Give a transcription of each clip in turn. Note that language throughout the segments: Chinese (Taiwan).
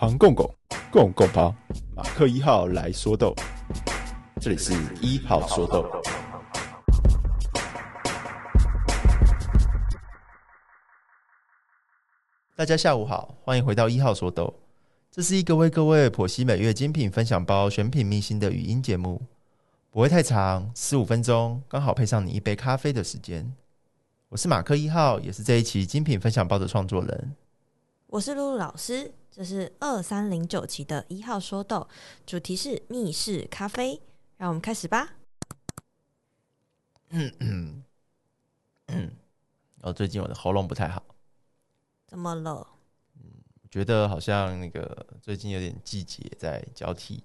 跑共共，共共跑。馬克一號來說豆，這裡是一號說豆。大家下午好，歡迎回到一號說豆，這是一個為各位剖析每月精品分享包選品秘辛的語音節目，不會太長，十五分鐘，剛好配上你一杯咖啡的時間。我是馬克一號，也是這一期精品分享包的創作人。我是露露老師，這是二三零九期的一號說豆，主題是密室咖啡，讓我們開始吧。嗯嗯嗯，我、哦、最近我的喉嚨不太好。怎麼了？嗯、覺得好像那個最近有點季節在交替，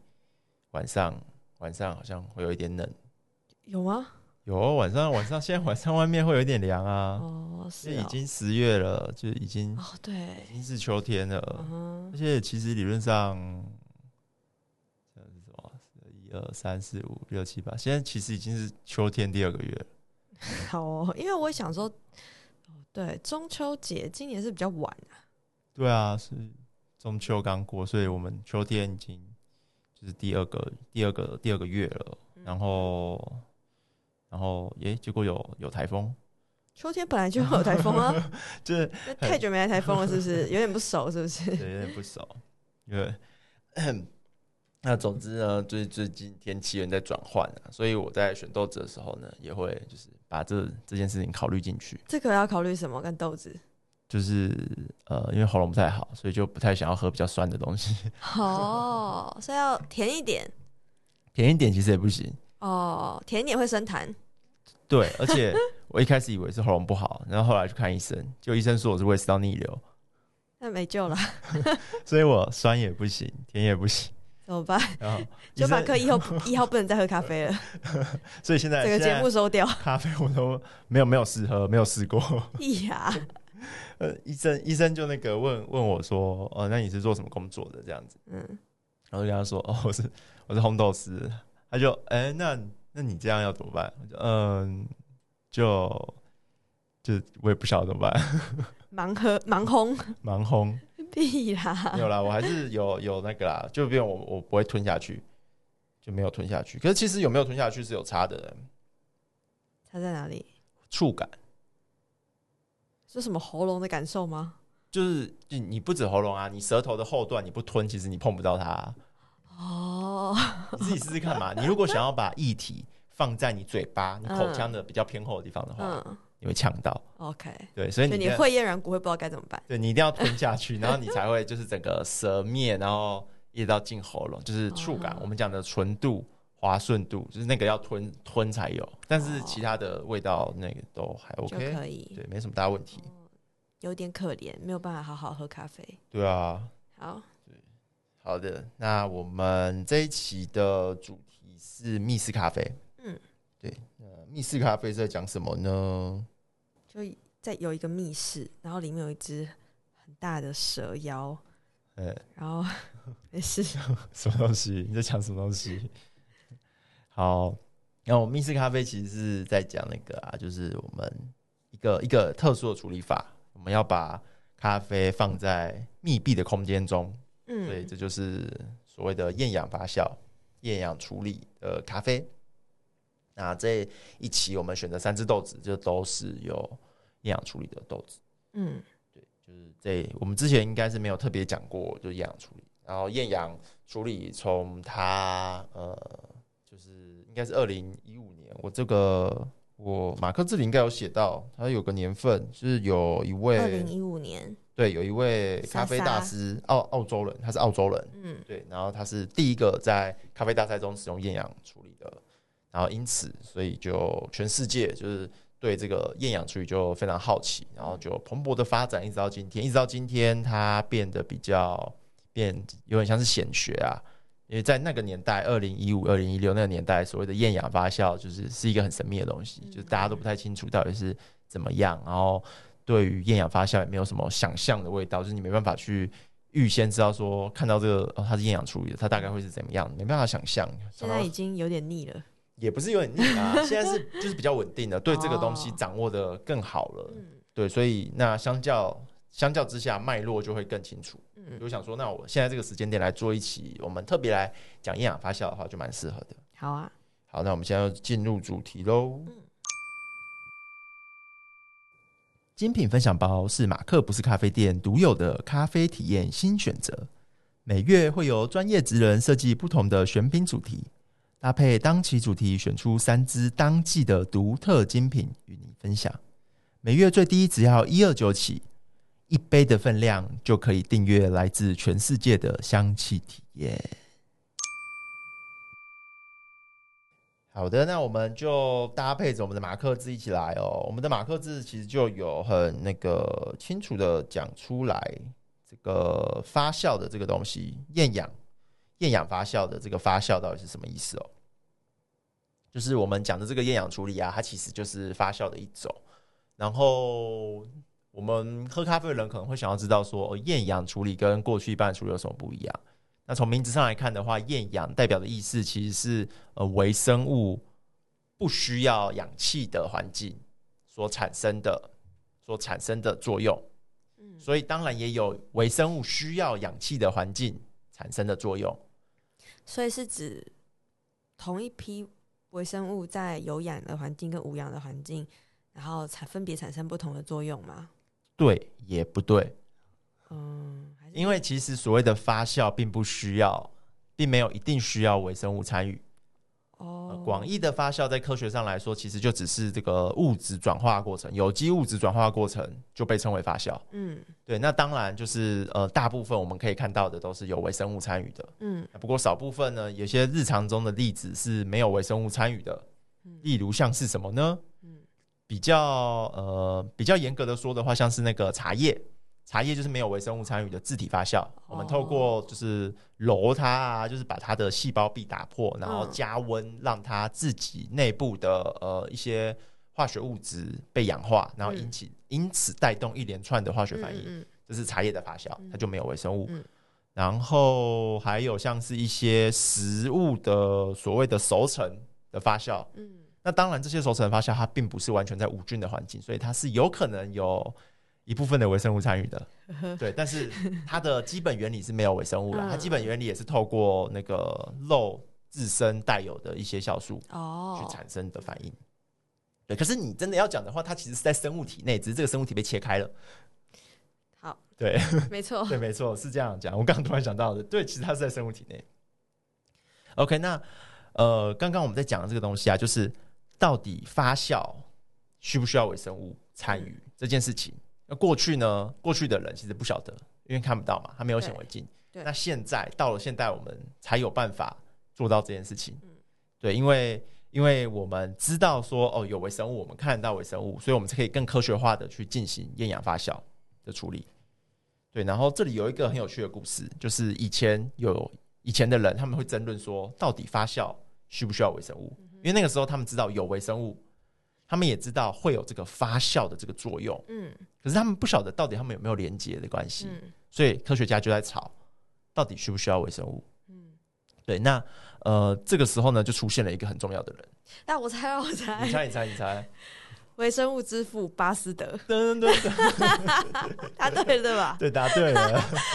晚上晚上好像會有一點冷。有嗎？有晚上，晚上現在晚上外面會有點涼啊。 哦，是哦已經十月了，就已經哦對，已經是秋天了。嗯、而且其實理論上，現在是什麼？一二三四五六七八，現在其實已經是秋天第二個月了。哦、 嗯，因為我想說，對中秋節今年是比較晚啊。對啊，是中秋剛過，所以我們秋天已經就是第二個第二個第二個月了，嗯、然後。然後，耶、欸，結果有有颱風，秋天本來就有颱風啊， 就是太久沒來颱風了，是不是？ 有點不熟，是不是？對，有點不熟，因為那總之呢，最最近天氣也在轉換啊，所以我在選豆子的時候呢，也會就是把這這件事情考慮進去。這個要考慮什麼？跟豆子？就是呃，因為喉嚨不太好，所以就不太想要喝比較酸的東西。好哦， 所以要甜一點。甜一點其實也不行。哦，甜也會生痰。對，而且我一開始以為是喉嚨不好， 然後後來去看醫生，就醫生說我是胃食道逆流，那沒救了。 所以我酸也不行，甜也不行，怎麼辦？然後醫就馬克以後以後不能再喝咖啡了。所以現在這個節目收掉，咖啡我都沒有沒有試喝，沒有試過。呀，呃，醫生醫生就那個問問我說，哦，那你是做什麼工作的？這樣子，嗯，我就跟他說，哦，我是我是烘豆師。他就哎、欸，那那你這樣要怎麼辦？嗯，就就我也不曉得怎麼辦。盲 喝，盲轟，盲 轟必啦，有啦，我還是有有那個啦，就變我我不會吞下去，就沒有吞下去。可是其實有沒有吞下去是有差的人，差在哪裡？觸感這是什麼？喉嚨的感受嗎？就是你你不止喉嚨啊，你舌頭的後段你不吞，其實你碰不到它哦。 你自己試試看嘛。你如果想要把液體放在你嘴巴，你口腔的比較偏後的地方的話，嗯嗯、你會嗆到。OK，對，所以你，所以你會咽軟骨，會不知道該怎麼辦。對你一定要吞下去，然後你才會就是整個舌面，然後一直到進喉嚨，就是觸感，哦。我們講的純度、滑順度，就是那個要吞吞才有。但是其他的味道，那個都還 OK，可以，對，沒什麼大問題。嗯、有點可憐，沒有辦法好好喝咖啡。對啊，好。好的，那我們這一期的主題是密室咖啡。嗯，對，呃，密室咖啡是在講什麼呢？就在有一個密室，然後裡面有一只很大的蛇妖。呃，然後、 欸、是什麼 什麼東西？你在講什麼東西？ 好，那我們密室咖啡其實是在講那個啊，就是我們一個一個特殊的處理法，我們要把咖啡放在密閉的空間中。嗯，所以這就是所謂的厭氧發酵、厭氧處理的咖啡。那這一期我們選擇三支豆子，就都是有厭氧處理的豆子。嗯，對，就是這我們之前應該是沒有特別講過，就厭氧處理。然後厭氧處理從它，呃，就是應該是二零一五年，我這個我馬克誌裡應該有寫到，它有個年份是有一位二零一五年。對，有一位咖啡大師，傻傻澳、澳洲人，他是澳洲人。嗯，對，然後他是第一個在咖啡大賽中使用厭氧處理的，然後因此，所以就全世界就是對這個厭氧處理就非常好奇，然後就蓬勃的發展一，嗯，一直到今天，一直到今天，它變得比較變有點像是顯學啊，因為在那個年代，二零一五、二零一六那個年代，所謂的厭氧發酵就是是一個很神秘的東西，嗯、就是大家都不太清楚到底是怎麼樣，然後。對於厭氧發酵也沒有什麼想象的味道，就是你沒辦法去預先知道說看到這個、哦、它是厭氧處理的，它大概會是怎麼樣，沒辦法想象現在已經有點膩了，也不是有點膩啊， 現在是就是比較穩定的， 對這個東西掌握得更好了、哦。對，所以那相較相較之下脈絡就會更清楚。嗯，我想說，那我現在這個時間點來做一期，我們特別來講厭氧發酵的話，就蠻適合的。好啊，好，那我們現在進入主題嘍。嗯精品分享包是馬克不是咖啡店獨有的咖啡體驗新選擇，每月會由專業職人設計不同的選品主題，搭配當期主題選出三支當季的獨特精品與你分享。每月最低只要一二九起，一杯的分量就可以訂閱來自全世界的香氣體驗。好的，那我們就搭配着我們的馬克誌一起來哦。我們的馬克誌其實就有很那個清楚的講出來，這個發酵的這個東西，厭氧厭氧發酵的這個發酵到底是什麼意思哦？就是我們講的這個厭氧處理啊，它其實就是發酵的一種。然後我們喝咖啡的人可能會想要知道說，哦，厭氧處理跟過去半處理有什麼不一樣？那從名字上來看的話，厭氧代表的意思其實是，呃，微生物不需要氧氣的環境所產生的所產生的作用。嗯。所以當然也有微生物需要氧氣的環境產生的作用。所以是指同一批微生物在有氧的環境跟無氧的環境，然後產分別產生不同的作用嗎？對，也不對。嗯。因為其實所謂，的發酵並不需要，並沒有一定需要微生物參與。哦、oh. 呃，廣義的發酵在科學上來說，其實就只是這個物質轉化過程，有機物質轉化過程就被稱為發酵。嗯、mm. 對。那當然就是呃，大部分我們可以看到的都是有微生物參與的。嗯、mm. 不過少部分呢，有些日常中的例子是沒有微生物參與的。Mm. 例如像是什麼呢？Mm. 比較呃，比較嚴格的說的話，像是那個茶葉。茶葉就是沒有微生物參與的自體發酵，我們透過就是揉它啊，就是把它的細胞壁打破，然後加溫讓它自己內部的呃一些化學物質被氧化，然後引起因此帶動一連串的化學反應，這是茶葉的發酵，它就沒有微生物。然後還有像是一些食物的所謂的熟成的發酵，那當然這些熟成的發酵它並不是完全在無菌的環境，所以它是有可能有。一部分的微生物參與的，對，但是它的基本原理是沒有微生物的， 它基本原理也是透過那個肉自身帶有的一些酵素哦去產生的反應。對，可是你真的要講的話，它其實是在生物體內，只是這個生物體被切開了。好，對，沒錯， 對，沒錯，是這樣講。我剛剛突然想到的，對，其實它是在生物體內。OK，那呃，剛剛我們在講的這個東西啊，就是到底發酵需不需要微生物參與這件事情？那過去呢？過去的人其實不曉得，因為看不到嘛，他沒有顯微鏡。對，那現在到了現代，我們才有辦法做到這件事情。嗯，對，因為因為我們知道說，哦，有微生物，我們看得到微生物，所以我們才可以更科學化的去進行厭氧發酵的處理。對，然後這裡有一個很有趣的故事，就是以前有以前的人，他們會爭論說，到底發酵需不需要微生物，嗯？因為那個時候他們知道有微生物。他們也知道會有這個發酵的這個作用，嗯，可是他們不曉得到底他們有沒有連接的關係、嗯，所以科學家就在吵，到底需不需要微生物？嗯、對。那呃，這個時候呢，就出現了一個很重要的人。那我猜，我猜，你猜，你猜，你猜，微生物之父巴斯德。對對對，答對了，對吧？對，答對了。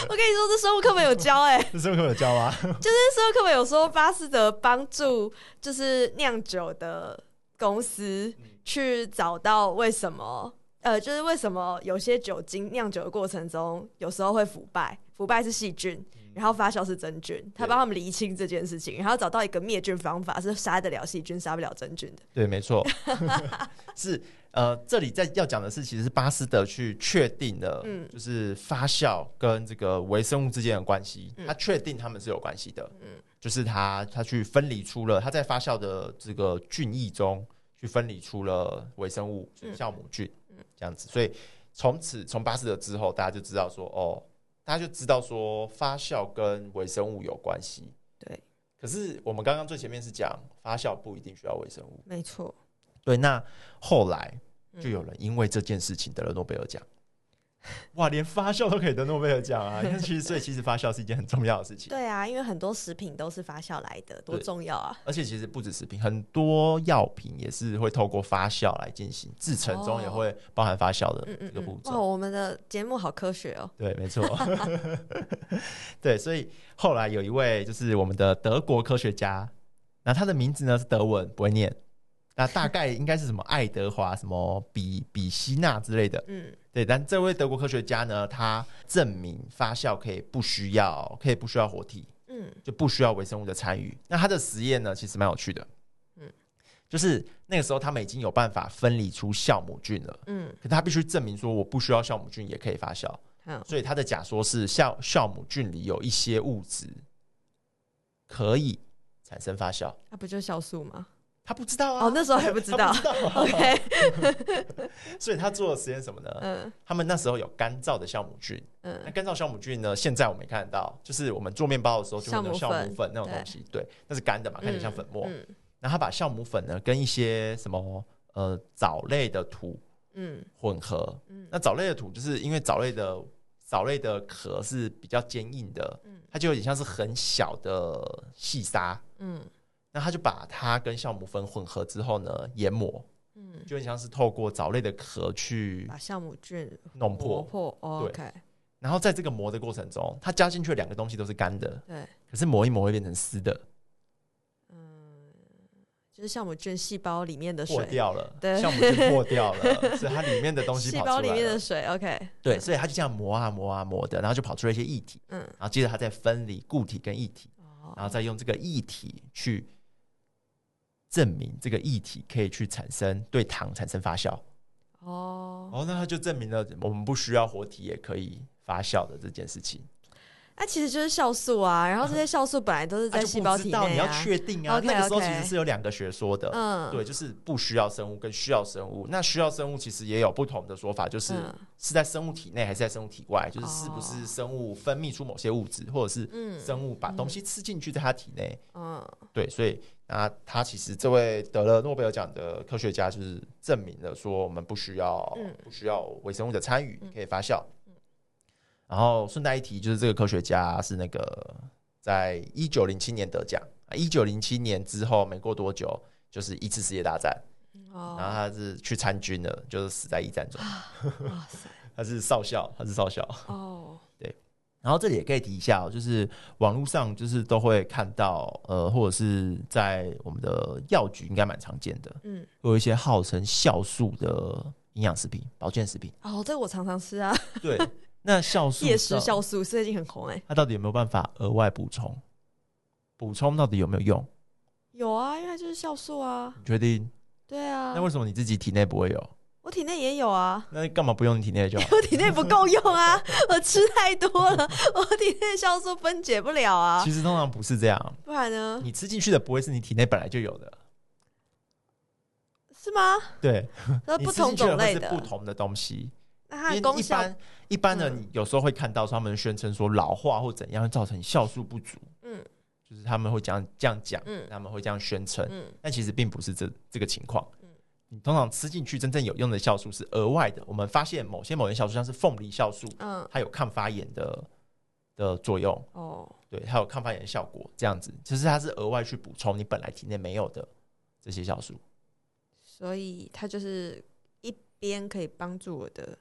我跟你說，這生物課本有教哎、欸。 這生物課本有教嗎？ 就是生物課本有說，巴斯德幫助就是釀酒的公司去找到為什麼，呃，就是為什麼有些酒精釀酒的過程中有時候會腐敗，腐敗是細菌，然後發酵是真菌，嗯、他幫他們釐清這件事情、嗯，然後找到一個滅菌方法是殺得了細菌殺不了真菌的。對，沒錯， 是呃，這裡在要講的是，其實是巴斯德去確定的，就是發酵跟這個微生物之間的關係、嗯，他確定他們是有關係的。嗯。嗯就是他，他去分離出了他在發酵的這個菌液中，去分離出了微生物酵母菌，嗯，這樣子。所以從此從巴斯德之後，大家就知道說，哦，大家就知道說發酵跟微生物有關係。對。可是我們剛剛最前面是講發酵不一定需要微生物，沒錯。對。那後來就有人因為這件事情得了諾貝爾獎。哇，連發酵都可以得諾貝爾獎啊！因為其實，所以其實發酵是一件很重要的事情。 對啊，因為很多食品都是發酵來的，多重要啊！而且，其實不止食品，很多藥品也是會透過發酵來進行製程中，也會包含發酵的這個步驟。哦嗯嗯。哦，我們的節目好科學哦！對，沒錯。 對，所以後來有一位就是我們的德國科學家，那他的名字呢是德文，不會念，那大概應該是什麼愛德華 什麼比比希娜之類的。嗯。對，但這位德國科學家呢，他證明發酵可以不需要，可以不需要活體，嗯，就不需要微生物的參與。那他的實驗呢，其實蠻有趣的，嗯，就是那個時候他們已經有辦法分離出酵母菌了，嗯，可他必須證明說我不需要酵母菌也可以發酵，嗯，所以他的假說是酵酵母菌裡有一些物質可以產生發酵，那不就酵素嗎？他不知道啊，哦，那時候還不知道， 他不知道啊，OK， 所以他做的實驗什麼呢？嗯，他們那時候有乾燥的酵母菌，嗯，乾燥酵母菌呢，現在我們也看得到，就是我們做麵包的時候就用的酵母粉那種東西，對，那是乾的嘛，看起來像粉末。嗯，嗯，然後他把酵母粉呢跟一些什麼呃藻類的土，嗯，混合，嗯，那藻類的土就是因為藻類的藻類的殼是比較堅硬的，嗯，它就有點像是很小的細沙，嗯。那他就把它跟酵母粉混合之後呢，研磨，嗯，就很像是透過藻類的殼去把酵母菌弄破，磨破對。哦對、okay。然後在這個磨的過程中，它加進去的兩個東西都是乾的，對。可是磨一磨會變成濕的，嗯，就是酵母菌細胞裡面的水破掉了，對，酵母菌破掉了， 所以它裡面的東西跑出來了，裡面的水，OK，對，所以它就這樣磨啊磨啊磨啊磨的，然後就跑出了一些液體，嗯，然後接着它再分離固體跟液體，嗯，然後再用這個液體去。證明這個液體可以去產生，對糖產生發酵，哦，哦，那它就證明了我們不需要活體也可以發酵的這件事情。它、啊、其實就是酵素啊，然後這些酵素本來都是在細胞體內、啊啊。你要確定啊，okay, okay. 那個時候其實是有兩個學說的。嗯，對，就是不需要生物跟需要生物。那需要生物其實也有不同的說法，就是是在生物體內還是在生物體外，就是是不是生物分泌出某些物質、嗯，或者是生物把東西吃進去在它體內、嗯。嗯，對，所以那、啊、他其實這位得了諾貝爾獎的科學家就是證明了說，我們不需要、嗯、不需要微生物的參與、嗯、可以發酵。然後順帶一提，就是這個科學家是那個，在一九零七年得獎。一九零七年之後沒過多久，就是一次世界大戰，然後他是去參軍的，就是死在一戰中。他是少校，他是少校。哦，對。然後這裡也可以提一下，就是網絡上就是都會看到，呃，或者是在我們的藥局應該蠻常見的，嗯，會有一些號稱酵素的營養食品、保健食品。哦，這個我常常吃啊。對。那酵素，葉食酵素現在很紅哎。它到底有沒有辦法額外補充？補充到底有沒有用？有啊，因為它就是酵素啊。你確定？對啊。那為什麼你自己體內不會有？我體內也有啊。那幹嘛不用你體內就？我體內不夠用啊！ 我吃太多了，我體內酵素分解不了啊。其實通常不是這樣。不然呢？你吃進去的不會是你體內本來就有的？是嗎？對。那不同種類的, 的不同的東西，那它的功效。一般呢、嗯、你有時候會看到他們宣稱說老化或怎樣造成酵素不足，嗯，就是他們會講這樣講、嗯，他們會這樣宣稱，嗯，但其實並不是這這個情況，嗯，你通常吃進去真正有用的酵素是額外的，我們發現某些某些酵素像是鳳梨酵素，嗯，它有抗發炎的的作用，哦，對，它有抗發炎的效果，這樣子，其實它是額外去補充你本來體內沒有的這些酵素，所以它就是一邊可以幫助我的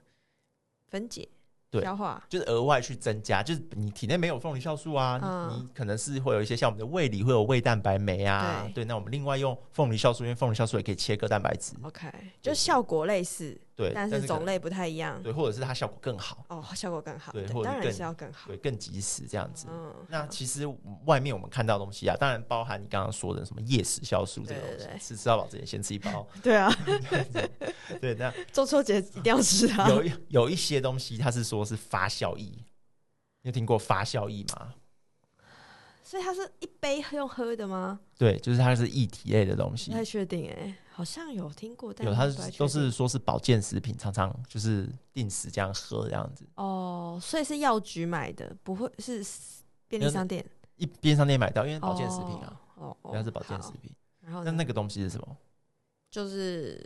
分解。對消化，就是額外去增加，就是你體內沒有鳳梨酵素啊、嗯，你可能是會有一些像我們的胃裡會有胃蛋白酶啊，對，對，那我們另外用鳳梨酵素，因為鳳梨酵素也可以切割蛋白質，OK，就效果類似。對，但是種類不太一樣。對，或者是它效果更好。哦，效果更好。對，當然是要更好。對，更及時這樣子。嗯、哦，那其實外面我們看到的東西啊，當然包含你剛剛說的什麼夜食酵素這個東西，對對對吃吃到飽之前先吃一包。 對啊， 對，那中秋節一定要吃的、啊。有有一些東西，它是說是發酵液，你有聽過發酵液嗎？所以它是一杯用喝的嗎？對，就是它是液體類的東西。不太確定哎、欸。好像有聽過，但有他是都是說是保健食品，常常就是定時這樣喝這樣子哦，oh, 所以是藥局買的，不會是便利商店，一便利商店買到，因為保健食品啊，哦、oh, oh, oh,，它是保健食品，然後那那個東西是什麼？就是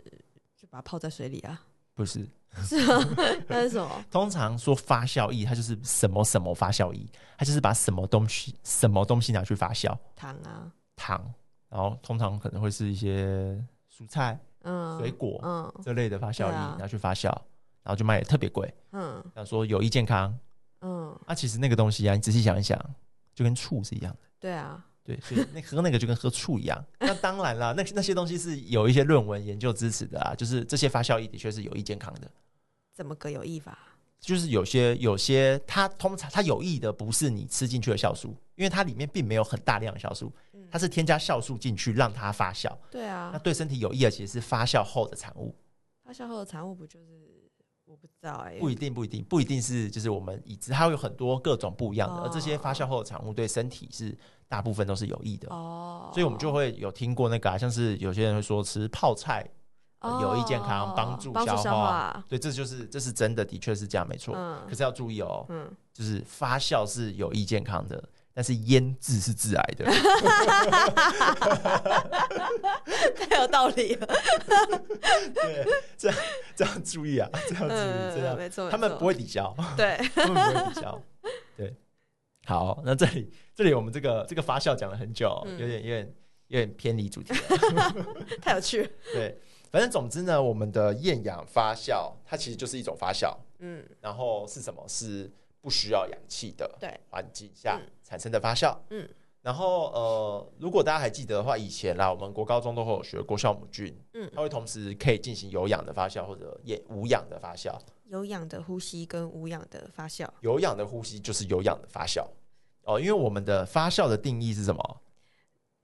就把它泡在水裡啊？不是，是啊那是什麼？ 通常說發酵液，它就是什麼什麼發酵液，它就是把什麼東西什麼東西拿去發酵，糖啊糖，然後通常可能會是一些。蔬菜、嗯，水果嗯、嗯，這類的發酵液、嗯啊，然後去發酵，然後就賣的特別貴，嗯，說有益健康，嗯，那、啊、其實那個東西啊，你仔細想一想，就跟醋是一樣的，對啊，對，所以那喝那個就跟喝醋一樣。呵呵那當然啦，那那些東西是有一些論文研究支持的啊，就是這些發酵液的確是有益健康的，怎麼個有益法？就是有些有些，它通常它有益的不是你吃進去的酵素，因為它裡面並沒有很大量的酵素，它是添加酵素進去讓它發酵。對、嗯、啊，那對身體有益的其實是發酵後的產物。發酵後的產物不就是？我不知道、啊、不一定，不一定，不一定是，就是我們已知它會有很多各種不一樣的、哦，而這些發酵後的產物對身體是大部分都是有益的哦。所以我們就會有聽過那個、啊，像是有些人會說吃泡菜。有益健康、哦幫，幫助消化，對，這就是這是真的，的確是這樣，沒錯。嗯、可是要注意哦、嗯，就是發酵是有益健康的，但是醃制是致癌的。 太有道理了。 對，這樣這樣注意啊，這樣注意、嗯，這樣、嗯、沒錯，他們不會抵消，對， 他們不會抵消。對，好，那這裡這裡我們這個這個發酵講了很久，嗯、有點有點有點偏離主題了， 太有趣，對。反正總之呢，我們的厭氧發酵它其實就是一種發酵，嗯，然後是什麼？是不需要氧氣的環境下產生的發酵，嗯。嗯，然後呃，如果大家還記得的話，以前啦，我們國高中都會有學過酵母菌，嗯，它會同時可以進行有氧的發酵或者厭無氧的發酵，有氧的呼吸跟無氧的發酵，有氧的呼吸就是有氧的發酵哦。因為我們的發酵的定義是什麼？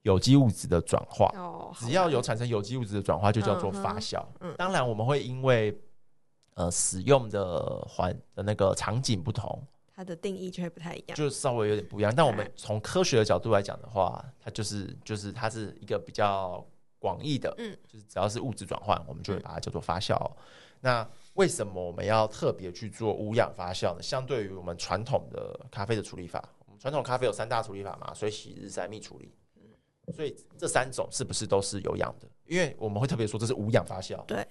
有機物質的轉化，只要有產生有機物質的轉化，就叫做發酵。當然，我們會因為呃使用的環的那個場景不同，它的定義就會不太一樣，就稍微有點不一樣。但我們從科學的角度來講的話，它就是就是它是一個比較廣義的，嗯，就是只要是物質轉換，我們就會把它叫做發酵。那為什麼我們要特別去做無氧發酵呢？相對於我們傳統的咖啡的處理法，我們傳統咖啡有三大處理法嘛：水洗、日曬、蜜處理。所以這三種是不是都是有氧的？因為我們會特別說這是無氧發酵，對，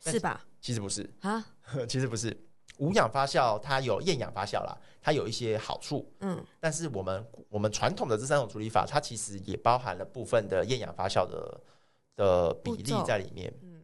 是吧？其實不是啊，其實不是無氧發酵，它有厭氧發酵啦，它有一些好處，嗯。但是我們我們傳統的這三種處理法，它其實也包含了部分的厭氧發酵的的比例在裡面，嗯。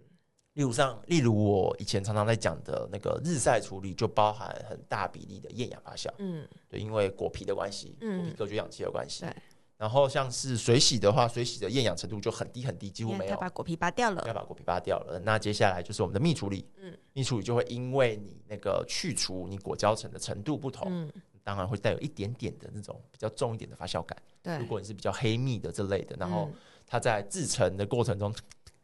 例如上，例如我以前常常在講的那個日曬處理，就包含很大比例的厭氧發酵，嗯。對，因為果皮的關係，嗯、果皮隔絕氧氣的關係，嗯然後像是水洗的話，水洗的厭氧程度就很低很低，幾乎沒有。它把果皮拔掉了，要把果皮拔掉了。那接下來就是我們的蜜處理，嗯，蜜處理就會因為你那個去除你果膠層的程度不同，嗯，當然會帶有一點點的那種比較重一點的發酵感。對，嗯，如果你是比較黑蜜的這類的，然後它在制成的過程中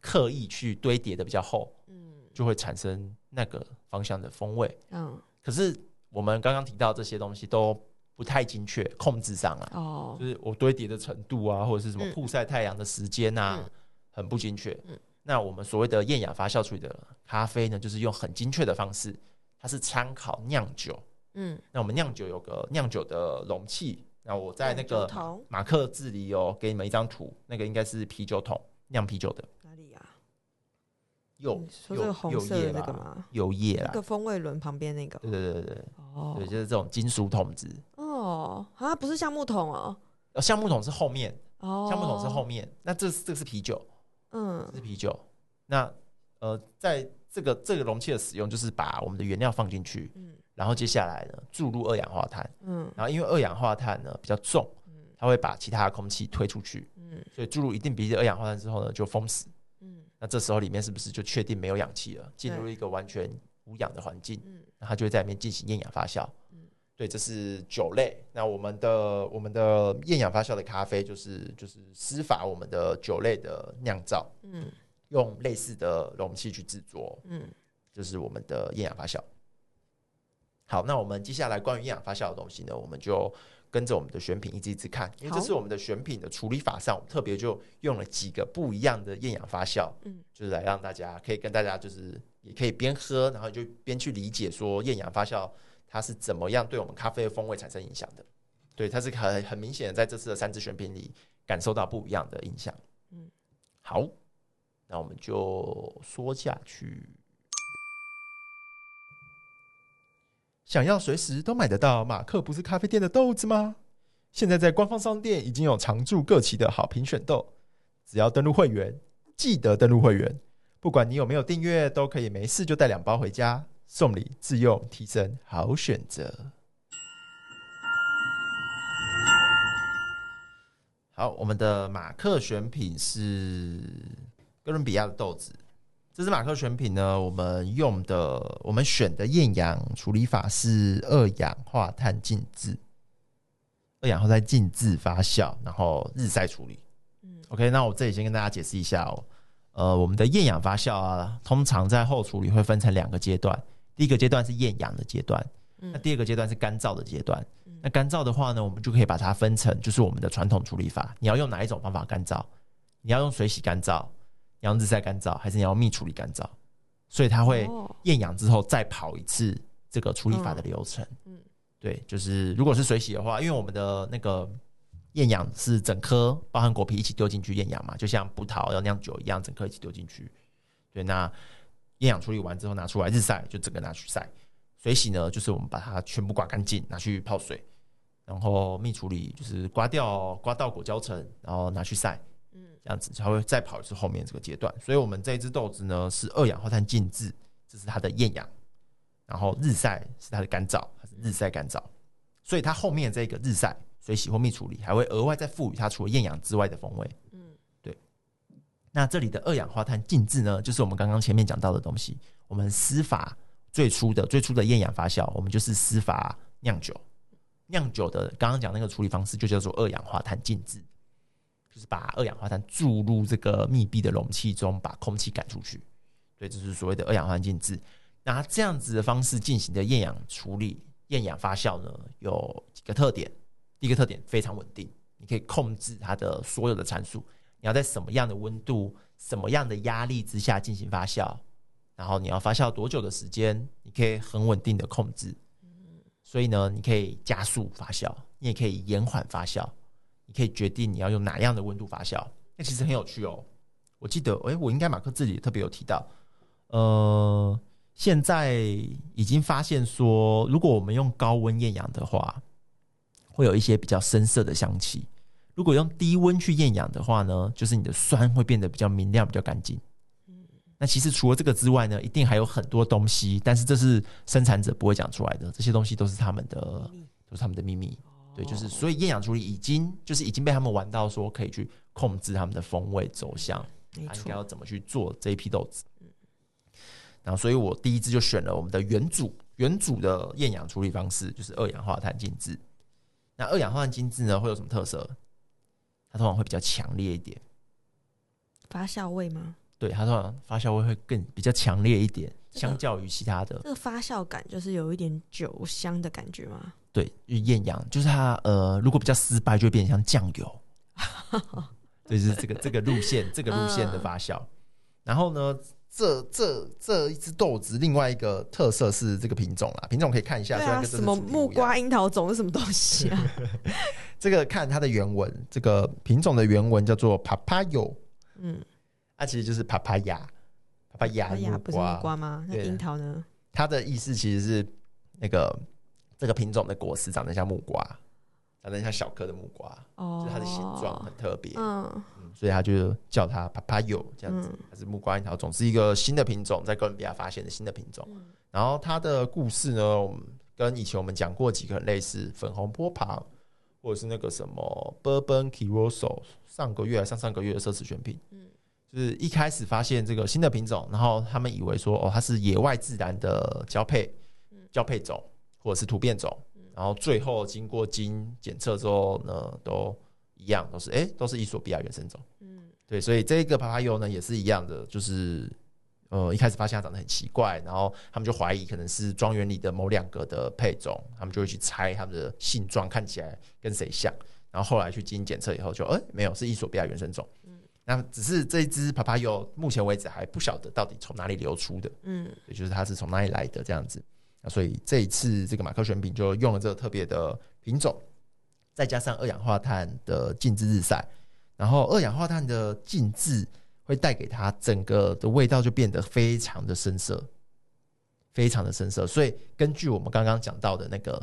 刻意去堆疊的比較厚，嗯，就會產生那個方向的風味。嗯，可是我們剛剛提到這些東西都，不太精確，控制上啊，哦、就是我堆疊的程度啊，或者是什麼曝曬太陽的時間啊、嗯嗯，很不精確、嗯。那我們所謂的厭氧發酵出的咖啡呢，就是用很精確的方式，它是參考釀酒。嗯，那我們釀酒有個釀酒的容器、嗯，那我在那個馬克誌裡哦，給你們一張圖，那個應該是啤酒桶，釀啤酒的哪裡呀、啊？有有紅色的那個嗎？有液啦、啊，那個風味輪旁邊那個、哦，對對對對、哦、對，就是這種金屬桶子。哦，好像不是橡木桶哦，哦，橡木桶是後面，哦，橡木桶是後面，那這是這個是啤酒，嗯，這是啤酒，那呃，在這個這個容器的使用，就是把我們的原料放進去，嗯，然後接下來呢，注入二氧化碳，嗯，然後因為二氧化碳呢比較重，嗯，它會把其他的空氣推出去，嗯，所以注入一定比例的二氧化碳之後呢，就封死，嗯，那這時候裡面是不是就確定沒有氧氣了？進入一個完全無氧的環境，嗯，然後它就會在裡面進行厭氧發酵。對，這是酒類。那我們的我們的厭氧發酵的咖啡，就是就是施法我們的酒類的釀造，嗯，用類似的容器去製作，嗯，就是我們的厭氧發酵。好，那我們接下來關於厭氧發酵的東西呢，我們就跟着我們的選品一直一直看，因為這是我們的選品的處理法上，我們特別就用了幾個不一樣的厭氧發酵，嗯，就是來讓大家可以跟大家就是也可以邊喝，然後就邊去理解說厭氧發酵。它是怎麼樣對我們咖啡的風味產生影響的？對，它是很很明顯的在這次的三支選品裡感受到不一樣的影響。嗯，好，那我們就說下去。嗯、想要隨時都買得到馬克不是咖啡店的豆子嗎？現在在官方商店已經有常駐各期的好評選豆，只要登錄會員，記得登錄會員，不管你有沒有訂閱都可以，沒事就帶兩包回家。送禮、自用、提升，好選擇。好，我們的馬克選品是哥倫比亞的豆子。這支馬克選品呢，我們用的、我們選的厭氧處理法是二氧化碳浸漬，二氧化碳浸漬發酵，然後日曬處理。嗯，OK，那我這裡先跟大家解釋一下哦。呃，我們的厭氧發酵啊，通常在後處理會分成兩個階段。第一個階段是厭氧的階段，那第二個階段是乾燥的階段。嗯、那乾燥的話呢，我們就可以把它分成，就是我們的傳統處理法。你要用哪一種方法乾燥？你要用水洗乾燥，日曬乾燥，還是你要蜜處理乾燥？所以它會厭氧之後再跑一次這個處理法的流程，哦嗯。對，就是如果是水洗的話，因為我們的那個厭氧是整顆包含果皮一起丟進去厭氧嘛，就像葡萄要釀酒一樣，整顆一起丟進去。對，那。厭氧處理完之後拿出來日曬，就整個拿去曬。水洗呢，就是我們把它全部刮乾淨，拿去泡水，然後蜜處理，就是刮掉刮到果膠層，然後拿去曬，嗯，這樣子才會再跑一次後面這個階段。所以我們這一支豆子呢，是二氧化碳浸漬，這是它的厭氧，然後日曬是它的乾燥，它是日曬乾燥，所以它後面這個日曬、水洗或蜜處理還會額外再賦予它除了厭氧之外的風味。那這裡的二氧化碳浸漬呢，就是我們剛剛前面講到的東西。我們師法最初的最初的厭氧發酵，我們就是師法釀酒，釀酒的剛剛講那個處理方式就叫做二氧化碳浸漬，就是把二氧化碳注入這個密閉的容器中，把空氣趕出去。對，這是所謂的二氧化碳浸漬。那這樣子的方式進行的厭氧處理、厭氧發酵呢，有幾個特點。第一個特點非常穩定，你可以控制它的所有的參數。你要在什麼樣的溫度、什麼樣的壓力之下進行發酵？然後你要發酵多久的時間？你可以很穩定的控制，嗯，所以呢，你可以加速發酵，你也可以延緩發酵，你可以決定你要用哪樣的溫度發酵。那、嗯、其實很有趣哦。我記得，誒、欸，我應該馬克自己特別有提到，呃，現在已經發現說，如果我們用高溫厭氧的話，會有一些比較深色的香氣。如果用低溫去厭氧的話呢，就是你的酸會變得比較明亮，比較乾淨。嗯，那其實除了這個之外呢，一定還有很多東西，但是這是生產者不會講出來的，這些東西都是他們的，嗯、都是他們的秘密。哦、對，就是所以厭氧處理已經就是已經被他們玩到說可以去控制他們的風味走向，他應該要怎麼去做這一批豆子。嗯，然後所以我第一支就選了我們的元祖，元祖的厭氧處理方式就是二氧化碳浸漬。那二氧化碳浸漬呢，會有什麼特色？通常會比較強烈一點，發酵味嗎？對，它通常發酵味會更比較強烈一點，這個、相較於其他的。這個發酵感就是有一點酒香的感覺嗎？對，就是厭氧，就是它呃，如果比較失敗，就會變成像醬油 對，就是這個這個路線， 這個路線的發酵。然後呢？這這這一隻豆子，另外一個特色是這個品種啦、啊，品種可以看一下。對啊，是什麼木瓜櫻桃種是什麼東西啊？ 這個看它的原文，這個品種的原文叫做 “papayo”。嗯，它、啊、其實就是 “papaya”，“papaya”、嗯啊、papaya, papaya, 木瓜，不是木瓜嗎？那櫻桃呢、啊？它的意思其實是那個、嗯、這個品種的果實長得像木瓜。長得像小顆的木瓜，oh, 就它的形狀很特別、uh, 嗯，所以它就叫它 papayo 這樣子。它、um, 是木瓜櫻桃種，是一個新的品種，在哥倫比亞發現的新的品種。Um, 然後它的故事呢，我們跟以前我們講過幾個很類似，粉紅波旁，或者是那個什麼 Bourbon Kiroso 上個月，上上個月的奢侈選品，嗯、um,，就是一開始發現這個新的品種，然後他們以為說，哦，它是野外自然的交配，交配種、um, 或者是突變種。然後最後經過基因檢測之後呢，都一樣，都是誒、欸、都是伊索比亞原生種。嗯，對，所以這個爬爬尤呢也是一樣的，就是呃一開始發現它長得很奇怪，然後他們就懷疑可能是莊園裡的某兩個的配種，他們就會去猜它們的性狀看起來跟誰像，然後後來去基因檢測以後就誒、欸、沒有，是伊索比亞原生種。嗯，那只是這隻爬爬尤目前為止還不曉得到底從哪裡流出的。嗯，也就是它是從哪裡來的這樣子。所以這一次這個馬克選品就用了這個特別的品種，再加上二氧化碳的浸漬日曬，然後二氧化碳的浸漬會帶給他整個的味道就變得非常的深色，非常的深色。所以根據我們剛剛講到的那個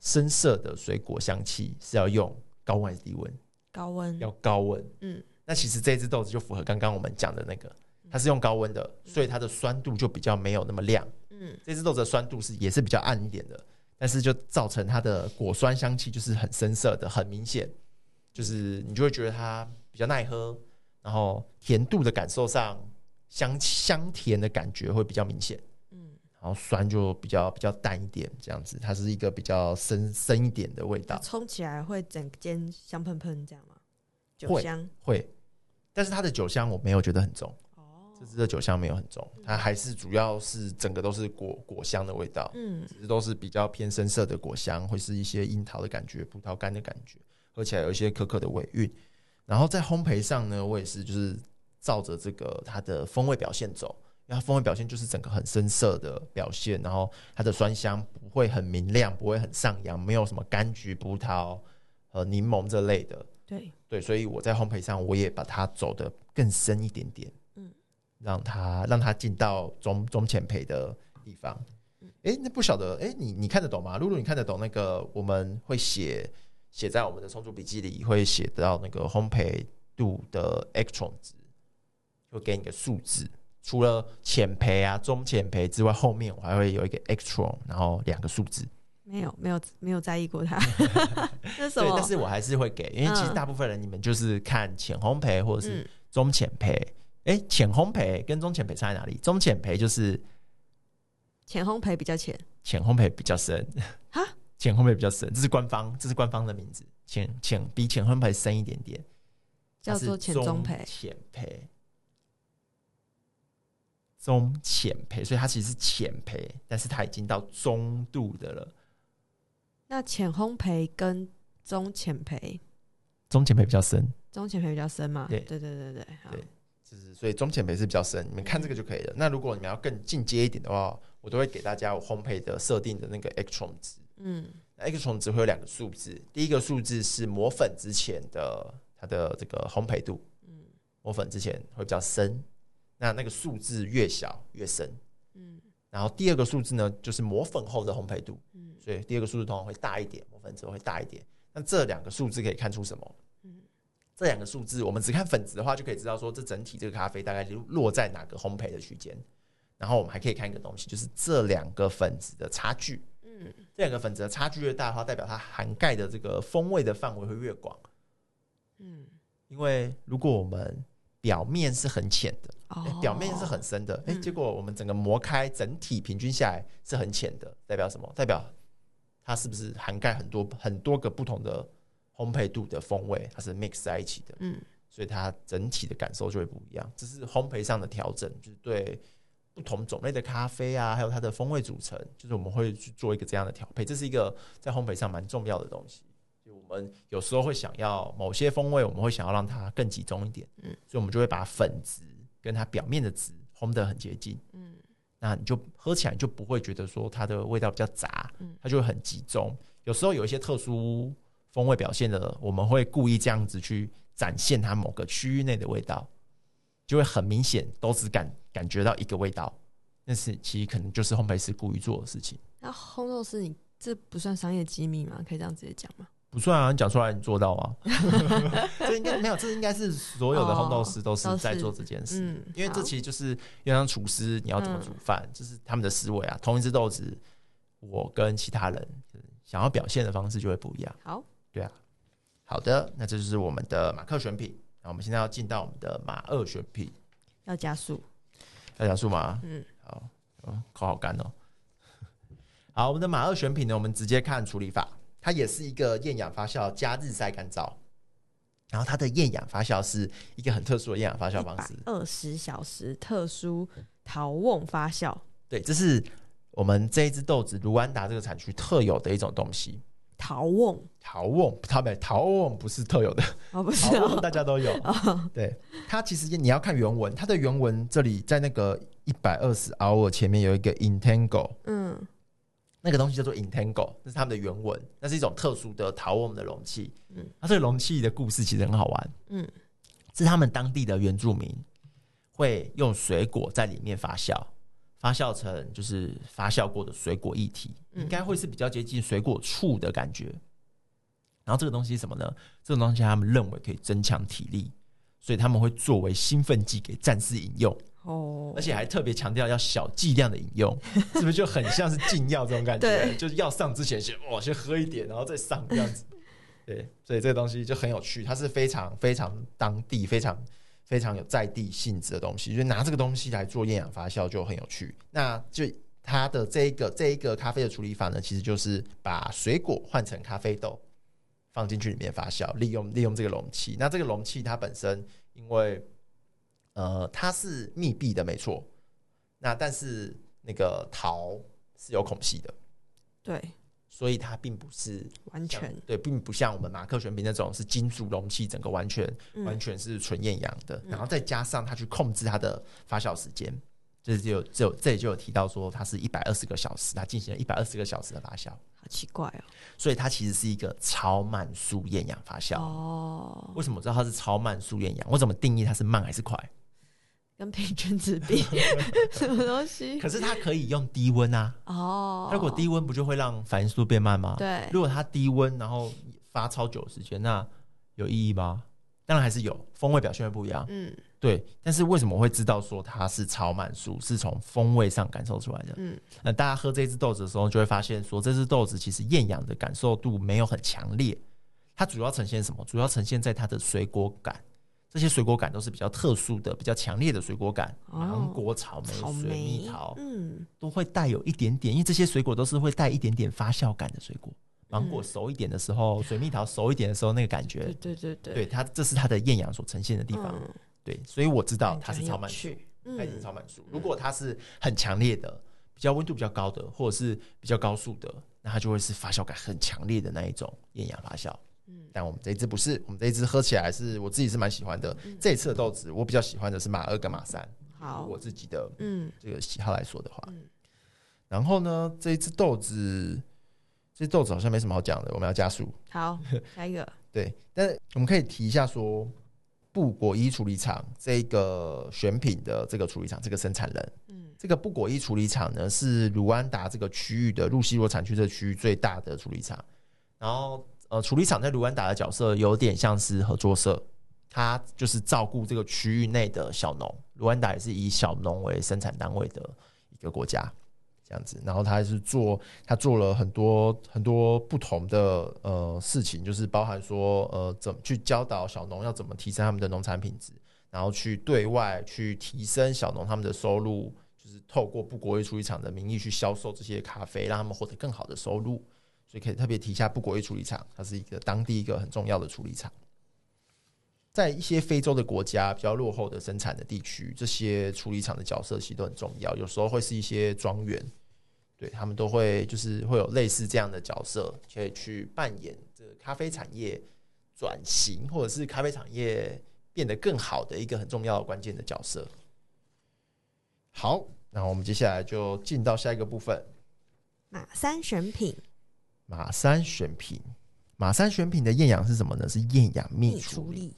深色的水果香氣是要用高溫還是低溫？高溫，要高溫。嗯，那其實這只豆子就符合剛剛我們講的那個，它是用高溫的，所以它的酸度就比較沒有那麼亮。嗯，這支豆子的酸度是也是比較暗一點的，但是就造成它的果酸香氣就是很深色的，很明顯，就是你就會覺得它比較耐喝，然後甜度的感受上香香甜的感覺會比較明顯，嗯，然後酸就比較比較淡一點，這樣子，它是一個比較深深一點的味道，沖起來會整間香噴噴這樣嗎？酒香會，會，但是它的酒香我沒有覺得很重。這支的酒香沒有很重，它還是主要是整個都是果果香的味道，嗯，其實都是比較偏深色的果香，會是一些櫻桃的感覺、葡萄乾的感覺，喝起來有一些可可的尾韻。然後在烘焙上呢，我也是就是照着這個它的風味表現走，因為它的風味表現就是整個很深色的表現，然後它的酸香不會很明亮，不會很上揚，沒有什麼柑橘、葡萄、呃檸檬這類的，對對，所以我在烘焙上我也把它走得更深一點點。讓他讓他進到中中淺焙的地方，誒、欸，那不曉得誒、欸，你你，你看得懂嗎？露露，你看得懂那個？我們會寫寫在我們的沖煮筆記裡，會寫到那個烘焙度的 Agtron 值，會給你個數字。除了淺焙啊、中淺焙之外，後面我還會有一個 Agtron，然後兩個數字。沒有，沒有，沒有在意過它。這 是 對 對 但是我還是會給，因為其實大部分人你們就是看淺烘焙或者是中淺焙。嗯嗯哎、欸，淺烘焙，跟中淺焙差在哪裡？中淺焙就是淺烘焙比較淺，淺烘焙比較深。哈，淺烘焙比較深，這是官方，這是官方的名字。淺淺比淺烘焙深一點點，叫做淺中焙、淺焙、中淺焙。所以它其實是淺焙，但是它已經到中度的了。那淺烘焙跟中淺焙，中淺焙比較深，中淺焙比較深嘛？對對對對對。好對是，是，所以中淺焙是比較深，你們看這個就可以了。那如果你們要更進階一點的話，我都會給大家我烘焙的設定的那個 Agtron 值。嗯，那 Agtron 值會有兩個數字，第一個數字是磨粉之前的它的這個烘焙度，嗯，磨粉之前會比較深，那那個數字越小越深，嗯。然後第二個數字呢，就是磨粉後的烘焙度，嗯，所以第二個數字通常會大一點，磨粉之後會大一點。那這兩個數字可以看出什麼？這兩個數字，我們只看粉值的話，就可以知道說這整體這個咖啡大概就落在哪個烘焙的區間。然後我們還可以看一個東西，就是這兩個粉值的差距。嗯，這兩個粉值的差距越大的話，代表它涵蓋的這個風味的範圍會越廣。嗯，因為如果我們表面是很淺的，哦，表面是很深的，誒，結果我們整個磨開，整體平均下來是很淺的，代表什麼？代表它是不是涵蓋很多很多個不同的？烘焙度的風味，它是 mix 在一起的，嗯，所以它整體的感受就會不一樣。這是烘焙上的調整，就是對不同種類的咖啡啊，還有它的風味組成，就是我們會去做一個這樣的調配。這是一個在烘焙上蠻重要的東西。就我們有時候會想要某些風味，我們會想要讓它更集中一點，嗯，所以我們就會把粉質跟它表面的質烘得很接近，嗯，那你就喝起來就不會覺得說它的味道比較雜，嗯，它就會很集中。有時候有一些特殊風味表現的，我們會故意這樣子去展現它某個區域內的味道，就會很明顯都只感感覺到一個味道，那是其實可能就是烘焙師故意做的事情。那烘豆師，你這不算商業機密嗎？可以這樣直接講嗎？不算啊，你講出來你做到啊。這應該沒有，這應該是所有的烘豆師都是在做這件事，哦嗯、因為這其實就是就像廚師你要怎麼煮飯、嗯，就是他們的思維啊。同一隻豆子，我跟其他人想要表現的方式就會不一樣。好。對啊，好的，那這就是我們的馬克選品。那我們現在要進到我們的馬二選品，要加速，要加速嗎？嗯，好，嗯、哦，口好乾哦。 好，我們的馬二選品呢，我們直接看處理法，它也是一個厭氧發酵、加日曬乾燥。然後它的厭氧發酵是一個很特殊的厭氧發酵方式，120小時特殊陶甕發酵。對，這是我們這一支豆子盧安達這個產區特有的一種東西。陶瓮，陶瓮，它沒陶瓮不是特有的，oh, 不是哦，陶甕大家都有。Oh. 對，它其實你要看原文，它的原文這裡在那個一百二十 hour 前面有一個 Intango 嗯，那個東西叫做 Intango 那是他們的原文，那是一種特殊的陶瓮的容器。嗯，它這個容器的故事其實很好玩，嗯，是他們當地的原住民會用水果在裡面發酵。發酵成就是發酵過的水果液體，應該會是比較接近水果醋的感覺。嗯、然後這個東西是什麼呢？這種、個、東西他們認為可以增強體力，所以他們會作為興奮劑給戰士飲用、哦。而且還特別強調要小劑量的飲用，是不是就很像是禁藥這種感覺？ 就是要上之前先哇先喝一點，然後再上這樣子。對，所以這個東西就很有趣，它是非常非常當地非常。非常有在地性質的東西，就拿這個東西來做厭氧發酵就很有趣。那就它的這一個這一個咖啡的處理法呢，其實就是把水果換成咖啡豆放進去裡面發酵，利用利用這個容器。那這個容器它本身因為呃它是密閉的，沒錯。那但是那個陶是有孔隙的，對。所以它並不是完全對，並不像我們馬克選品那種是金屬容器，整個完全、嗯、完全是純厭氧的、嗯。然後再加上它去控制它的發酵時間、嗯，就是、有、有有這裡就有提到說它是一百二十個小時，它進行了一百二十個小時的發酵。好奇怪哦！所以它其實是一個超慢速厭氧發酵。哦，為什麼我知道它是超慢速厭氧？我怎麼定義它是慢還是快？跟平均值比什麼東西？ 可是它可以用低溫啊。哦。如果低溫不就會讓反應速度變慢嗎？對。如果它低溫，然後發超久時間，那有意義嗎？當然還是有，風味表現會不一樣。嗯，嗯。對。但是為什麼我會知道說它是超慢速？是從風味上感受出來的？嗯，嗯。那大家喝這只豆子的時候，就會發現說，這只豆子其實厭氧的感受度沒有很強烈，它主要呈現什麼？主要呈現在它的水果感。這些水果感都是比較特殊的、比較強烈的水果感，芒、哦、果、草莓、草莓水蜜桃，嗯，都會帶有一點點，因為這些水果都是會帶一點點發酵感的水果。芒果熟一點的時候，嗯、水蜜桃熟一點的時候，時候那個感覺，對對對，對，對它這是它的厭氧所呈現的地方、嗯。對，所以我知道它是超慢速，它、嗯、超慢速。如果它是很強烈的、比較溫度比較高的，或者是比較高速的，那它就會是發酵感很強烈的那一種厭氧發酵。嗯，但我們這一只不是，我們這一只喝起來是我自己是蠻喜歡的、嗯。這一次的豆子，我比較喜歡的是馬二跟馬三。好，我自己的嗯這個喜好來說的話，嗯、然後呢，這一支豆子，這豆子好像沒什麼好講的。我們要加速。好，下一個。 對，但我們可以提一下說，布果伊處理廠這一個選品的這個處理廠，這個生產人，嗯，這個布果伊處理廠呢是盧安達這個區域的路希羅產區這區域最大的處理廠，然後。呃，處理廠在盧安達的角色有點像是合作社，他就是照顧這個區域內的小農。盧安達也是以小農為生產單位的一個國家，這樣子。然後他還是做，他做了很多很多不同的呃事情，就是包含說呃，怎麼去教導小農要怎麼提升他們的農產品質，然後去對外去提升小農他們的收入，就是透過不國為處理廠的名義去銷售這些咖啡，讓他們獲得更好的收入。就可以特別提一下，布果伊處理廠，它是一個當地一個很重要的處理廠。在一些非洲的國家比較落後的生產的地區，這些處理廠的角色其實都很重要。有時候會是一些莊園，對，他們都會就是會有類似這樣的角色，可以去扮演這咖啡產業轉型或者是咖啡產業變得更好的一個很重要的關鍵的角色。好，那我們接下來就進到下一個部分，馬三選品。馬三選品，馬三選品的厭氧是什麼呢？是厭氧蜜處理，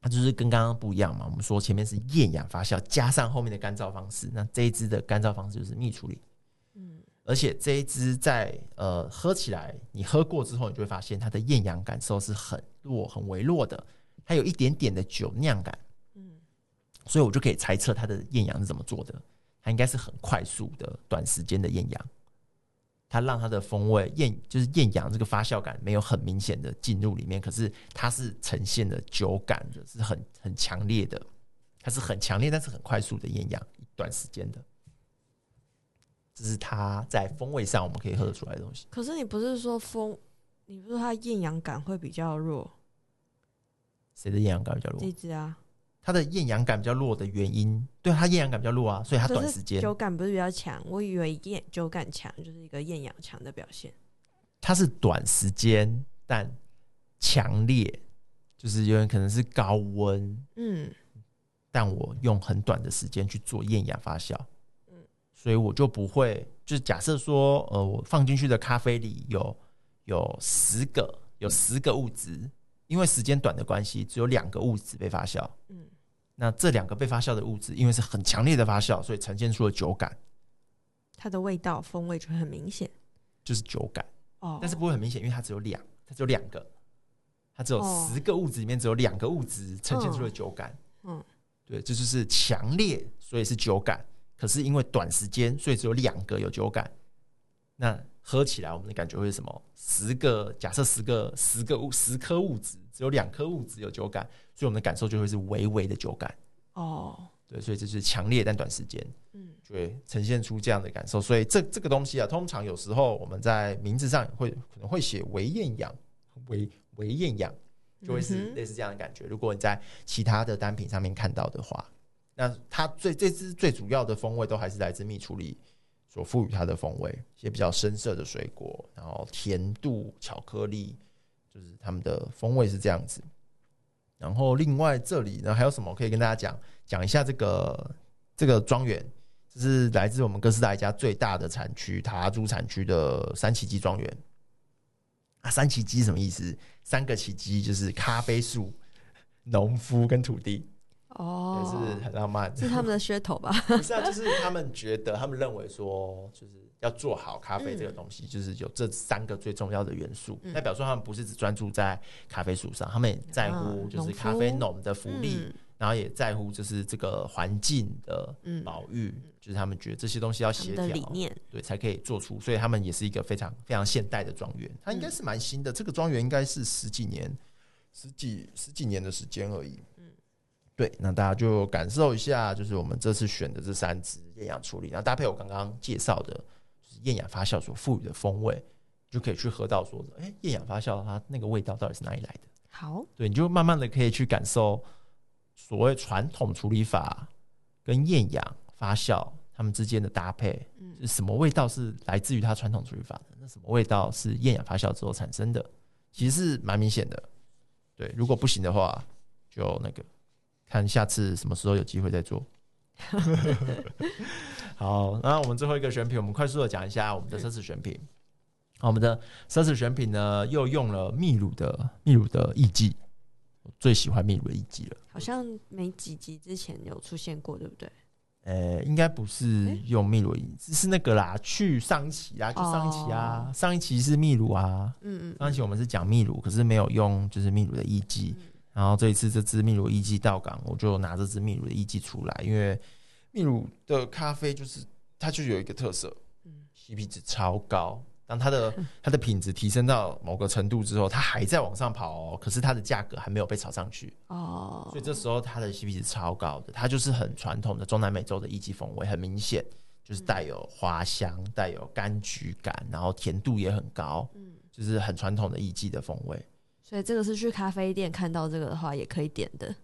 它就是跟剛剛不一樣嘛。我們說前面是厭氧發酵，加上後面的乾燥方式，那這一支的乾燥方式就是蜜處理。嗯，而且這一支在呃喝起來，你喝過之後，你就會發現它的厭氧感受是很弱、很微弱的，它有一點點的酒釀感。嗯，所以我就可以猜測它的厭氧是怎麼做的，它應該是很快速的、短時間的厭氧。它讓它的風味厭，就是厭氧這個發酵感沒有很明顯的進入裡面，可是它是呈現的酒感的、就是很很強烈的，它是很強烈但是很快速的厭氧，短時間的，這是它在風味上我們可以喝得出來的東西。可是你不是說風，你不是說它厭氧感會比較弱？誰的厭氧感比較弱？這支啊。它的厭氧感比較弱的原因，對它厭氧感比較弱啊，所以它短時間酒感不是比較強？我以為厭酒感強就是一個厭氧強的表現。它是短時間但強烈，就是有人可能是高溫，嗯，但我用很短的時間去做厭氧發酵，嗯，所以我就不會，就是假設說，呃，我放進去的咖啡裡有有十個有十個物質，嗯，因為時間短的關係，只有兩個物質被發酵，嗯。那這兩個被發酵的物質，因為是很強烈的發酵，所以呈現出了酒感。它的味道、風味就會很明顯，就是酒感。哦，但是不會很明顯，因為它只有兩，它只有兩個，它只有十個物質裡面只有兩個物質呈現出了酒感。嗯，對，這就是強烈，所以是酒感。可是因為短時間，所以只有兩個有酒感。那喝起來，我們的感覺會是什麼？十個假設，十個十個物，十顆物質，只有兩顆物質有酒感，所以我們的感受就會是微微的酒感。哦、oh.，對，所以這是強烈但短時間，嗯，對，呈現出這樣的感受。嗯、所以這這個東西啊，通常有時候我們在名字上會可能會寫微厭氧、微微厭氧，就會是類似這樣的感覺、嗯。如果你在其他的單品上面看到的話，那它最這支最主要的風味都還是來自蜜處理。所賦予它的風味，一些比較深色的水果，然後甜度、巧克力，就是它們的風味是這樣子。然後另外這裡呢還有什麼可以跟大家講講一下這個這個莊園，這是來自我們哥斯達黎加最大的產區——塔拉珠產區的三奇蹟莊園。啊，三奇蹟什麼意思？三個奇蹟就是咖啡樹、農夫跟土地。哦、oh，也是很浪漫，這是他們的噱頭吧？ 不是啊，就是他們覺得，他們認為說，就是要做好咖啡這個東西，嗯、就是有這三個最重要的元素。那、嗯、表示說他們不是只專注在咖啡樹上，他們也在乎就是咖啡農的福利、啊嗯，然後也在乎就是這個環境的保育、嗯。就是他們覺得這些東西要協調，對，才可以做出。所以他們也是一個非常非常現代的莊園、嗯。他應該是蠻新的，這個莊園應該是十幾年、嗯、十幾十幾年的時間而已。嗯。對，那大家就感受一下，就是我們這次選的這三支厭氧處理，然後搭配我剛剛介紹的，就是厭氧發酵所賦予的風味，就可以去喝到說，哎、欸，厭氧發酵它那個味道到底是哪裡來的？好，對，你就慢慢的可以去感受，所謂傳統處理法跟厭氧發酵它們之間的搭配，嗯，是什麼味道是來自於它傳統處理法的？那什麼味道是厭氧發酵之後產生的？其實是蠻明顯的。對，如果不行的話，就那個。看下次什麼時候有機會再做。 好，那我們最後一個選品，我們快速的講一下我們的奢侈選品。 我們的奢侈選品呢，又用了秘魯的秘魯的藝伎，我最喜歡秘魯的藝伎了。好像沒幾集之前有出現過，對不對？呃、欸，應該不是用秘魯藝伎，是那個啦，去上期啦，去上一期啊，上一期，啊 oh. 上一期是秘魯啊，嗯嗯，嗯，上一期我們是講秘魯，可是沒有用，就是秘魯的藝伎。嗯嗯。然後這一次這支秘魯藝伎到港，我就拿這支秘魯的藝伎出來，因為秘魯的咖啡就是它就有一個特色，嗯，C P 值超高。當它的它的品質提升到某個程度之後，它還在往上跑，哦，可是它的價格還沒有被炒上去哦，所以這時候它的 C P 值超高的，它就是很傳統的中南美洲的藝伎風味，很明顯就是帶有花香，帶有柑橘感，然後甜度也很高，嗯，就是很傳統的藝伎的風味。對，這個是去咖啡店看到這個的話，也可以點的。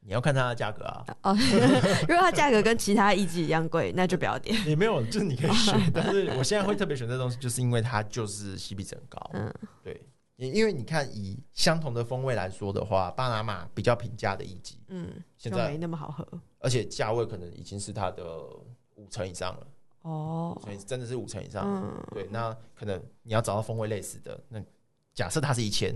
你要看它的價格啊。哦、oh, okay.， 如果它價格跟其他藝伎一樣貴， 那就不要點。也沒有，就是你可以選。Oh. 但是我現在會特別選這東西，就是因為它就是 CP 值很高。嗯，對，因為你看，以相同的風味來說的話，巴拿馬比較平價的藝伎，嗯，現在沒那麼好喝，而且價位可能已經是它的五成以上了。哦、oh.，所以真的是五成以上了。嗯，對，那可能你要找到風味類似的，那假設它是一千。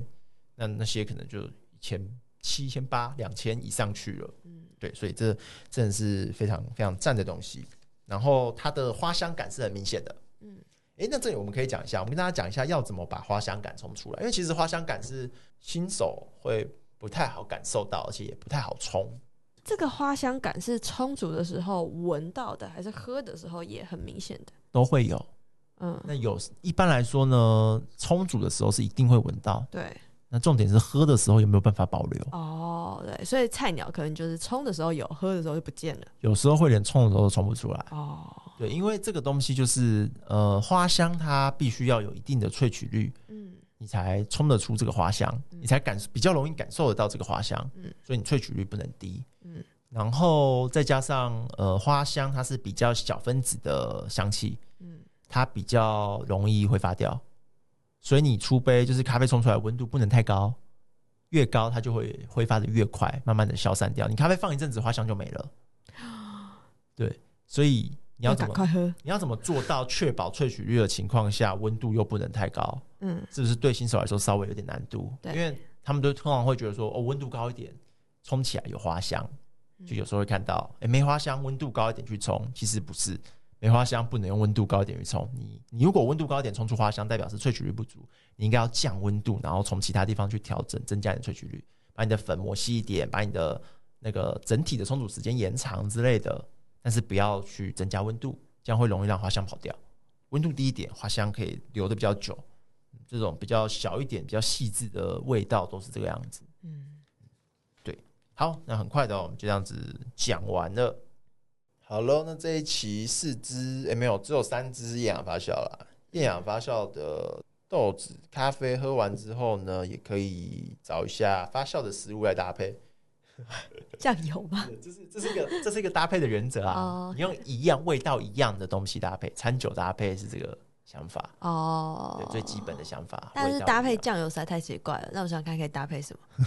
那那些可能就一千七千八兩千以上去了，嗯，對，所以這真的是非常非常讚的東西。然後它的花香感是很明顯的，嗯，哎、欸，那這裡我們可以講一下，我們跟大家講一下要怎麼把花香感沖出來，因為其實花香感是新手會不太好感受到，而且也不太好沖。這個花香感是沖煮的時候聞到的，還是喝的時候也很明顯的？都會有，嗯，那有一般來說呢，沖煮的時候是一定會聞到，對。那重點是喝的時候有沒有辦法保留？哦、oh，對，所以菜鳥可能就是沖的時候有，喝的時候就不見了。有時候會連沖的時候都沖不出來。哦、oh.，對，因為這個東西就是呃，花香它必須要有一定的萃取率，嗯，你才沖得出這個花香，嗯、你才感比較容易感受得到這個花香。嗯，所以你萃取率不能低。嗯，然後再加上呃，花香它是比較小分子的香氣，嗯，它比較容易揮發掉。所以你出杯就是咖啡沖出來，溫度不能太高，越高它就會揮發得越快，慢慢的消散掉。你咖啡放一陣子，花香就沒了。對，所以你要怎麼，要你要怎麼做到確保萃取率的情況下，溫度又不能太高？嗯，是不是對新手來說稍微有點難度？對、嗯，因為他們都通常會覺得說哦，溫度高一點沖起來有花香，就有時候會看到哎、欸，沒花香，溫度高一點去沖，其實不是。梅花香，不能用溫度高一點去沖，你你如果溫度高一點沖出花香，代表是萃取率不足。你應該要降溫度，然後從其他地方去調整，增加點萃取率，把你的粉磨細一點，把你的那個整體的沖煮時間延長之類的。但是不要去增加溫度，這樣會容易讓花香跑掉。溫度低一點，花香可以留得比較久。這種比較小一點、比較細緻的味道都是這個樣子。嗯，對，好，那很快的，我們就這樣子講完了。好咯，那這一期四支誒、欸、沒有，只有三支厭氧發酵了。厭氧發酵的豆子、咖啡喝完之後呢，也可以找一下發酵的食物來搭配醬 油吧。這是這是一個這是一個搭配的原則啊， oh, 你用一樣味道一樣的東西搭配餐酒搭配是這個想法哦、oh,，最基本的想法。但是搭配醬油，油實在太奇怪了，那我想看可以搭配什麼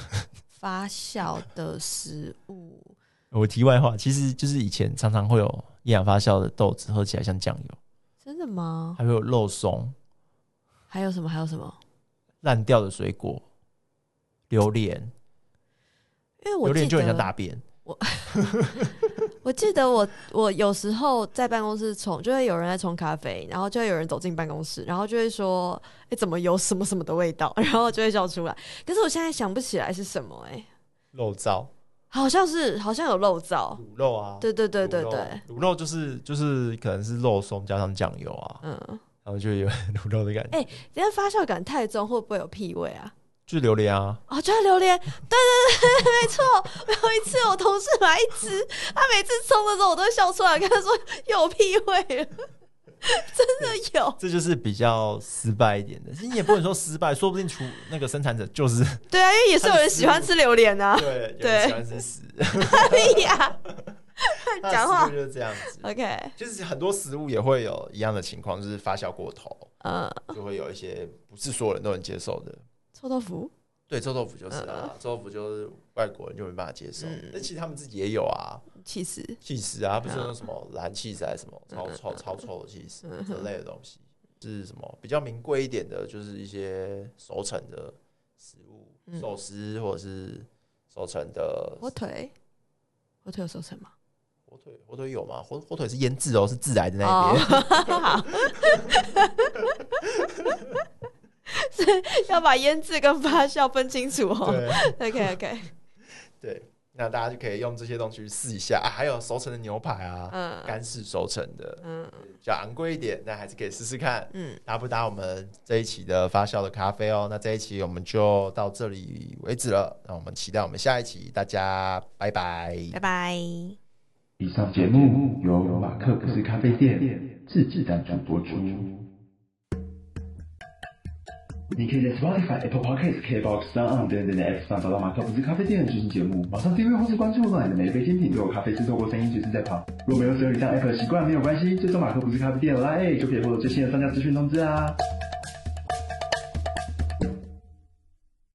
發酵的食物。我題外話，其實就是以前常常會有厭氧發酵的豆子，喝起來像醬油。真的嗎？還會有肉鬆。還有什麼？還有什麼？爛掉的水果，榴蓮。榴蓮就很像大便。我 我記得我我有時候在辦公室沖，就會有人在沖咖啡，然後就會有人走進辦公室，然後就會說、欸：“怎麼有什麼什麼的味道？”然後就會笑出來。可是我現在想不起來是什麼哎、欸。肉燥。好像是好像有肉燥，滷肉啊，對對對對對,對，滷肉就是就是可能是肉鬆加上醬油啊，嗯，然後就有滷肉的感覺。哎、欸，人家發酵感太重會不會有屁味啊？就是榴蓮啊，哦就是榴蓮，對對對， 沒錯。有一次我同事買一支，他每次沖的時候我都笑出來，跟他說又有屁味 真的有這，這就是比較失敗一點的。你也不能說失敗， 說不定出那個生產者就是對啊，因為也是有人喜歡吃榴蓮啊。對，有人喜歡吃屎。對呀，講話就是這樣子。OK，就是很多食物也會有一樣的情況，就是發酵過頭，呃、uh.，就會有一些不是所有人都能接受的。臭豆腐，對，臭豆腐就是啦、啊。Uh. 臭豆腐就是外國人就沒辦法接受，那、嗯、其實他們自己也有啊。起司，起司啊！不是說什麼藍起司還什麼、嗯、超超超臭的起司之類的東西，就是什麼比較名貴一點的，就是一些熟成的食物，壽、嗯、司或者是熟成的火腿。火腿有熟成嗎？火腿，火腿有嗎？火火腿是醃漬哦、喔，是自然的那邊。Oh. 是要把醃漬跟發酵分清楚哦、喔。對 ，OK OK， 對。那大家就可以用這些東西去試一下啊，還有熟成的牛排啊，乾、嗯、式熟成的，嗯，比較昂貴一點，但還是可以試試看，嗯，搭不搭我們這一期的發酵的咖啡哦、喔？那這一期我們就到這裡為止了，那我們期待我們下一期，大家拜拜，拜拜。以上節目由馬克不是咖啡店自製蛋主播出。你可以在 S2, Spotify Apple Podcast, K -box,、啊、Apple Podcasts、KBox、s 等等的 app 上找到馬克布斯咖啡店的最新節目。馬上訂閱或是關注我，你的每一杯新品有咖啡師，制作過聲音隨時在跑。如果沒有使用以上 app e 習慣沒有關係，就搜馬克布斯咖啡店的拉就可以獲得最新的商家資訊通知啊。